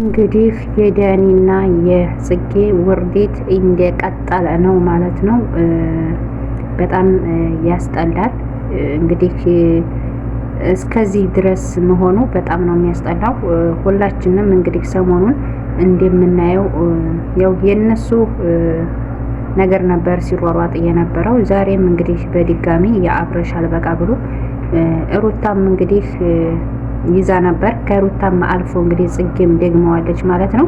እንግዲህ የዳኒና የጽጌ ውርዴት እንደቀጠለ ነው ማለት ነው። በጣም ያስጠላል። እንግዲህ እስከዚህ ድረስ መሆኑ በጣም ነው የሚያስጠላው። ሁላችንም እንግዲህ ሰሞኑን እንደምናየው ያው የነሱ ነገር ነበር ሲሯሯጥ የነበረው። ዛሬም እንግዲህ በድጋሚ የአብረሻል በቃ ብሎ ሩታም እንግዲህ ይዛ ነበር። ከሩታም አልፎ እንግዲህ ጽጌም ደግመዋለች ማለት ነው።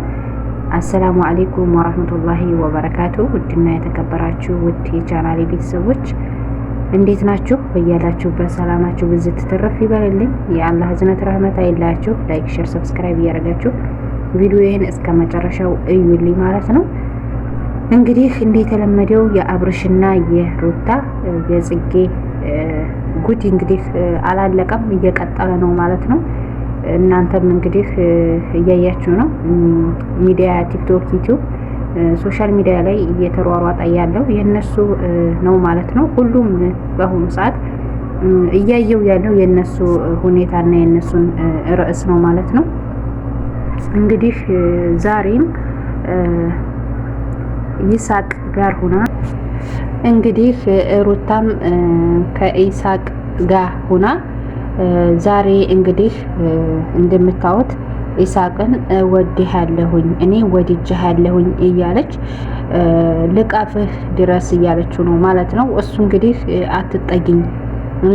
አሰላሙ አሌይኩም ወራህመቱላሂ ወበረካቱ። ውድና የተከበራችሁ ውድ የቻናሌ ቤተሰቦች እንዴት ናችሁ? በያላችሁበት ሰላማችሁ ብዙ ትርፍ ይበልልኝ። የአላህ ህዝነት ረህመት አይላችሁ። ላይክ፣ ሼር፣ ሰብስክራይብ እያደረጋችሁ ቪዲዮዬን እስከ መጨረሻው እዩልኝ ማለት ነው። እንግዲህ እንደተለመደው የአብርሽና የሩታ የጽጌ ጉድ እንግዲህ አላለቀም፣ እየቀጠለ ነው ማለት ነው። እናንተም እንግዲህ እያያችሁ ነው። ሚዲያ ቲክቶክ፣ ዩቲዩብ፣ ሶሻል ሚዲያ ላይ እየተሯሯጠ ያለው የእነሱ ነው ማለት ነው። ሁሉም በአሁኑ ሰዓት እያየው ያለው የእነሱ ሁኔታና የእነሱን ርዕስ ነው ማለት ነው። እንግዲህ ዛሬም ይሳቅ ጋር ሁና እንግዲህ ሩታም ከኢሳቅ ጋር ሁና ዛሬ እንግዲህ እንደምታዩት ኢሳቅን እወድሃለሁኝ እኔ ወድጄሃለሁኝ እያለች ልቃፍህ ድረስ እያለችው ነው ማለት ነው። እሱ እንግዲህ አትጠጊኝ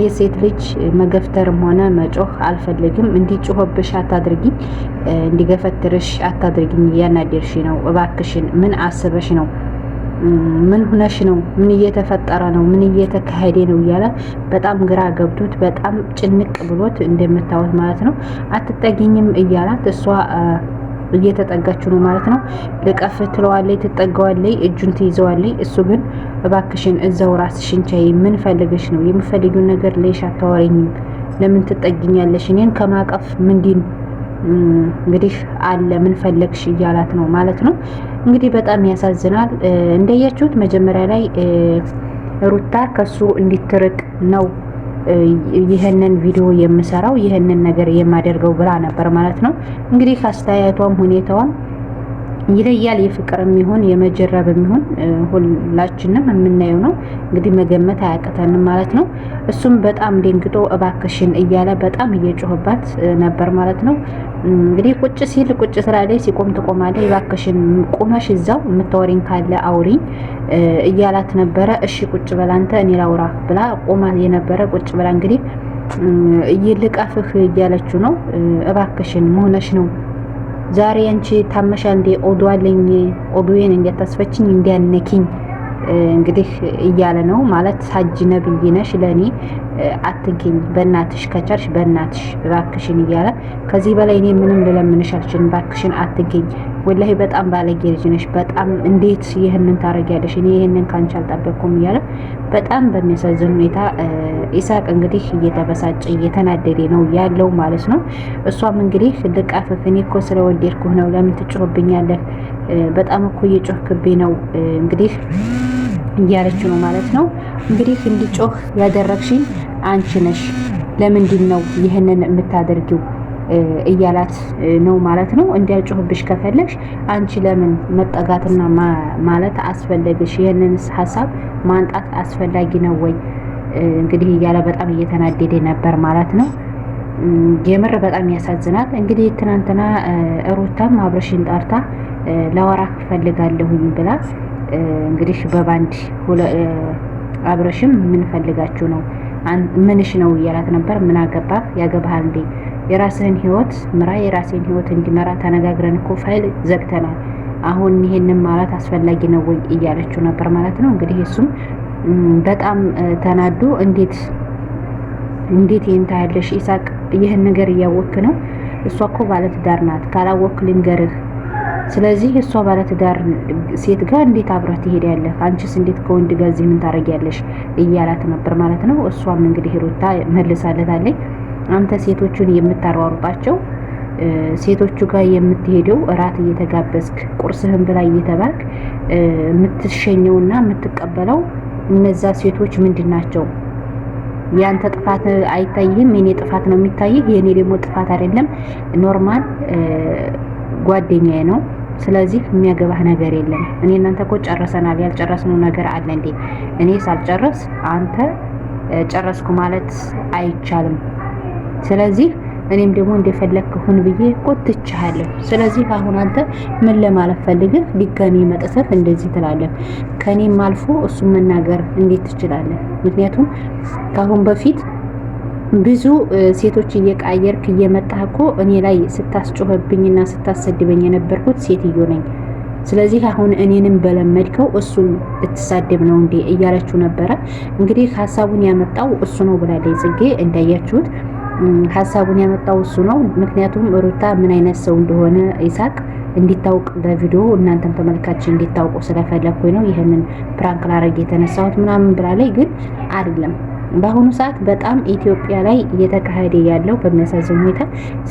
የሴት ልጅ መገፍተርም ሆነ መጮህ አልፈልግም። እንዲጮህብሽ አታድርጊኝ፣ እንዲገፈትርሽ አታድርጊኝ። እያናደርሽ ነው። እባክሽን ምን አስበሽ ነው ምን ሁነሽ ነው? ምን እየተፈጠረ ነው? ምን እየተካሄደ ነው? እያለ በጣም ግራ ገብቶት በጣም ጭንቅ ብሎት እንደምታወት ማለት ነው። አትጠጊኝም እያላት እሷ እየተጠጋችው ነው ማለት ነው። ልቀፍ ትለዋለይ፣ ትጠጋዋለይ፣ እጁን ትይዘዋለይ። እሱ ግን እባክሽን እዛው ራስሽን ቻይ፣ ምን ፈልገሽ ነው? የምፈልጊውን ነገር ለይሽ አታወሪኝም። ለምን ትጠጊኛለሽ? እኔን ከማቀፍ ምንድን እንግዲህ አለ ምን ፈለግሽ እያላት ነው ማለት ነው። እንግዲህ በጣም ያሳዝናል። እንደያችሁት መጀመሪያ ላይ ሩታ ከሱ እንዲትርቅ ነው ይህንን ቪዲዮ የምሰራው ይህንን ነገር የማደርገው ብላ ነበር ማለት ነው። እንግዲህ አስተያየቷም ሁኔታዋም ይለያል። የፍቅር የሚሆን የመጀረብ የሚሆን ሁላችንም የምናየው ነው። እንግዲህ መገመት አያቅተንም ማለት ነው። እሱም በጣም ደንግጦ እባክሽን እያለ በጣም እየጮህባት ነበር ማለት ነው። እንግዲህ ቁጭ ሲል ቁጭ ስራ ላይ ሲቆም ትቆማለች። እባክሽን ቁመሽ እዛው የምታወሪኝ ካለ አውሪኝ እያላት ነበረ። እሺ ቁጭ በላ አንተ እኔ ላውራ ብላ ቆማ የነበረ ቁጭ ብላ እንግዲህ እይልቃፍህ እያለችው ነው። እባክሽን መሆነሽ ነው ዛሬ አንቺ ታመሻ እንዴ? ኦዱ አለኝ ኦዱዬን እንዲያታስፈችኝ እንዲያነኪኝ እንግዲህ እያለ ነው ማለት ሳጅ ነብይ ነሽ ለእኔ አትገኝ በእናትሽ ከቻልሽ በእናትሽ ባክሽን እያለ ከዚህ በላይ እኔ ምንም ልለምንሽ አልችልም፣ ባክሽን አትገኝ። ወላሂ በጣም ባለጌ ልጅ ነሽ፣ በጣም እንዴት ይህንን ታረጊያለሽ? እኔ ይህንን ካንቺ አልጠበቅኩም እያለ በጣም በሚያሳዝን ሁኔታ ኢሳቅ እንግዲህ እየተበሳጨ እየተናደደ ነው ያለው ማለት ነው። እሷም እንግዲህ ልቃፍፍ፣ እኔ እኮ ስለወደድኩህ ነው፣ ለምን ትጮህብኛለህ? በጣም እኮ እየጮህክብኝ ነው እንግዲህ እያለችው ነው ማለት ነው። እንግዲህ እንዲጮህ ያደረግሽኝ አንቺ ነሽ፣ ለምንድን ነው ይህንን የምታደርጊው እያላት ነው ማለት ነው። እንዲያጮህብሽ ከፈለግሽ አንቺ ለምን መጠጋትና ማለት አስፈለግሽ? ይህንንስ ሀሳብ ማንጣት አስፈላጊ ነው ወይ? እንግዲህ እያለ በጣም እየተናደደ ነበር ማለት ነው። የምር በጣም ያሳዝናል። እንግዲህ ትናንትና ሩታም አብረሽን ጠርታ ላወራህ እፈልጋለሁኝ ብላ እንግዲህ በባንድ አብረሽም የምንፈልጋችሁ ነው ምንሽ ነው እያላት ነበር። ምን አገባ ያገባሃል እንዴ? የራስህን ህይወት ምራ፣ የራሴን ህይወት እንዲመራ ተነጋግረን እኮ ፋይል ዘግተናል። አሁን ይሄንን ማለት አስፈላጊ ነው ወይ እያለችው ነበር ማለት ነው። እንግዲህ እሱም በጣም ተናዶ እንዴት እንዴት ይህን ታያለሽ ኢሳቅ? ይህን ነገር እያወክ ነው። እሷ እኮ ባለትዳር ናት፣ ካላወክ ልንገርህ ስለዚህ እሷ ባለትዳር ሴት ጋር እንዴት አብረህ ትሄዳለህ? አንቺስ እንዴት ከወንድ ጋር እዚህ ምን ታደርጊያለሽ? እያላት ነበር ማለት ነው። እሷም እንግዲህ ሩታ መልሳለታለች። አንተ ሴቶቹን የምታሯሩጣቸው ሴቶቹ ጋር የምትሄደው እራት እየተጋበዝክ ቁርስህን ብላ እየተባልክ የምትሸኘውና የምትቀበለው እነዛ ሴቶች ምንድን ናቸው? ያንተ ጥፋት አይታይህም፣ የኔ ጥፋት ነው የሚታይህ። የኔ ደግሞ ጥፋት አይደለም። ኖርማል ጓደኛዬ ነው ስለዚህ የሚያገባህ ነገር የለም። እኔ እናንተ እኮ ጨረሰናል። ያልጨረስነው ነገር አለ እንዴ? እኔ ሳልጨረስ አንተ ጨረስኩ ማለት አይቻልም። ስለዚህ እኔም ደግሞ እንደፈለግ ሁን ብዬ ቆትቻለሁ። ስለዚህ አሁን አንተ ምን ለማለት ፈልግህ ድጋሚ መጥተህ እንደዚህ ትላለህ? ከኔም አልፎ እሱ መናገር እንዴት ትችላለህ? ምክንያቱም ከአሁን በፊት ብዙ ሴቶች እየቃየርክ እየመጣህ እኮ እኔ ላይ ስታስጮህብኝና ስታሰድበኝ የነበርኩት ሴትዮ ነኝ። ስለዚህ አሁን እኔንም በለመድከው እሱን ልትሳደብ ነው እንዴ? እያለችው ነበረ። እንግዲህ ሀሳቡን ያመጣው እሱ ነው ብላለች ጽጌ። እንዳያችሁት ሀሳቡን ያመጣው እሱ ነው። ምክንያቱም ሩታ ምን አይነት ሰው እንደሆነ ይሳቅ እንዲታውቅ በቪዲዮ እናንተም ተመልካች እንዲታውቁ ስለፈለግኩኝ ነው ይህንን ፕራንክ ላረግ የተነሳሁት ምናምን ብላ ግን አይደለም በአሁኑ ሰዓት በጣም ኢትዮጵያ ላይ እየተካሄደ ያለው በሚያሳዝን ሁኔታ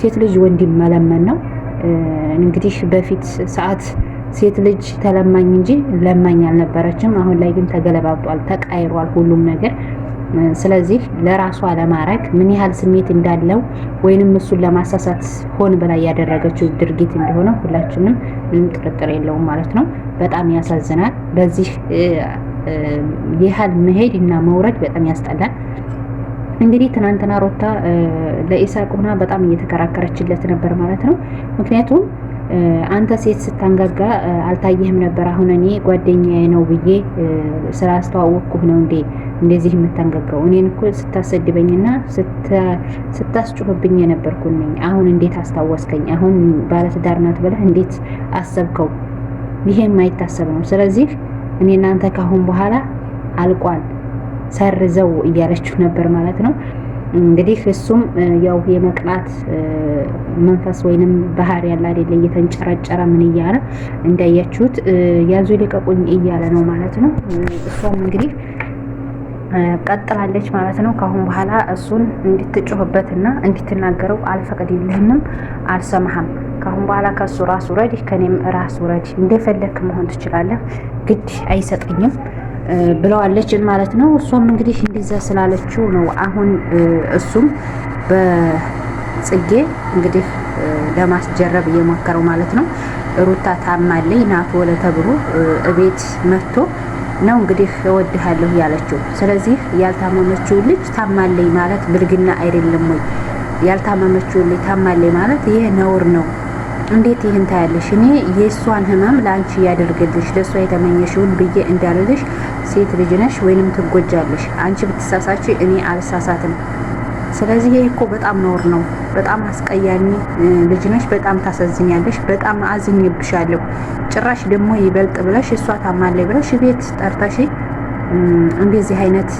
ሴት ልጅ ወንድ መለመን ነው። እንግዲህ በፊት ሰዓት ሴት ልጅ ተለማኝ እንጂ ለማኝ አልነበረችም። አሁን ላይ ግን ተገለባብጧል፣ ተቃይሯል ሁሉም ነገር። ስለዚህ ለራሷ ለማድረግ ምን ያህል ስሜት እንዳለው ወይንም እሱን ለማሳሳት ሆን በላይ ያደረገችው ድርጊት እንደሆነ ሁላችንም ምንም ጥርጥር የለውም ማለት ነው። በጣም ያሳዝናል። በዚህ ያህል መሄድ እና መውረድ በጣም ያስጠላል። እንግዲህ ትናንትና ሮታ ለኢሳቅ ሆና በጣም እየተከራከረችለት ነበር ማለት ነው። ምክንያቱም አንተ ሴት ስታንጋጋ አልታየህም ነበር። አሁን እኔ ጓደኛዬ ነው ብዬ አስተዋወቅኩህ ነው እንዴ እንደዚህ የምታንጋጋው? እኔን እኮ ስታሰድበኝና ስታስጩፍብኝ ነኝ። አሁን እንዴት አስታወስከኝ? አሁን ባለትዳር ናት ብለህ እንዴት አሰብከው? ይሄ የማይታሰብ ነው። ስለዚህ እኔ እናንተ ካሁን በኋላ አልቋል ሰርዘው እያለችሁ ነበር ማለት ነው። እንግዲህ እሱም ያው የመቅናት መንፈስ ወይንም ባህር ያለ አይደለ፣ እየተንጨረጨረ ምን እያለ እንዳያችሁት ያዙ ልቀቁኝ እያለ ነው ማለት ነው። እሷም እንግዲህ ቀጥላለች ማለት ነው። ከአሁን በኋላ እሱን እንድትጮህበትና እንድትናገረው አልፈቅድልህምም፣ አልሰማህም። ከአሁን በኋላ ከእሱ ራስ ውረድ፣ ከኔም ራስ ውረድ፣ እንደፈለክ መሆን ትችላለህ፣ ግድ አይሰጠኝም ብለዋለች ማለት ነው። እሷም እንግዲህ እንዲዛ ስላለችው ነው አሁን እሱም በጽጌ እንግዲህ ለማስጀረብ እየሞከረው ማለት ነው። ሩታ ታማለኝ ናቶ ለተብሎ እቤት መጥቶ ነው እንግዲህ እወድሃለሁ ያለችው። ስለዚህ ያልታመመችው ልጅ ታማለይ ማለት ብልግና አይደለም ወይ? ያልታመመችው ልጅ ታማለይ ማለት ይህ ነውር ነው። እንዴት ይህን ታያለሽ? እኔ የእሷን ህመም ለአንቺ እያደርግልሽ ለእሷ የተመኘሽውን ብዬ እንዳልልሽ ሴት ልጅ ነሽ ወይንም ትጎጃለሽ። አንቺ ብትሳሳች እኔ አልሳሳትም። ስለዚህ ይሄ እኮ በጣም ነውር ነው። በጣም አስቀያሚ ልጅ ነሽ። በጣም ታሳዝኛለሽ። በጣም አዝኝብሻለሁ ጭራሽ ደግሞ ይበልጥ ብለሽ እሷ ታማለች ብለሽ ቤት ጠርተሽ እንደዚህ አይነት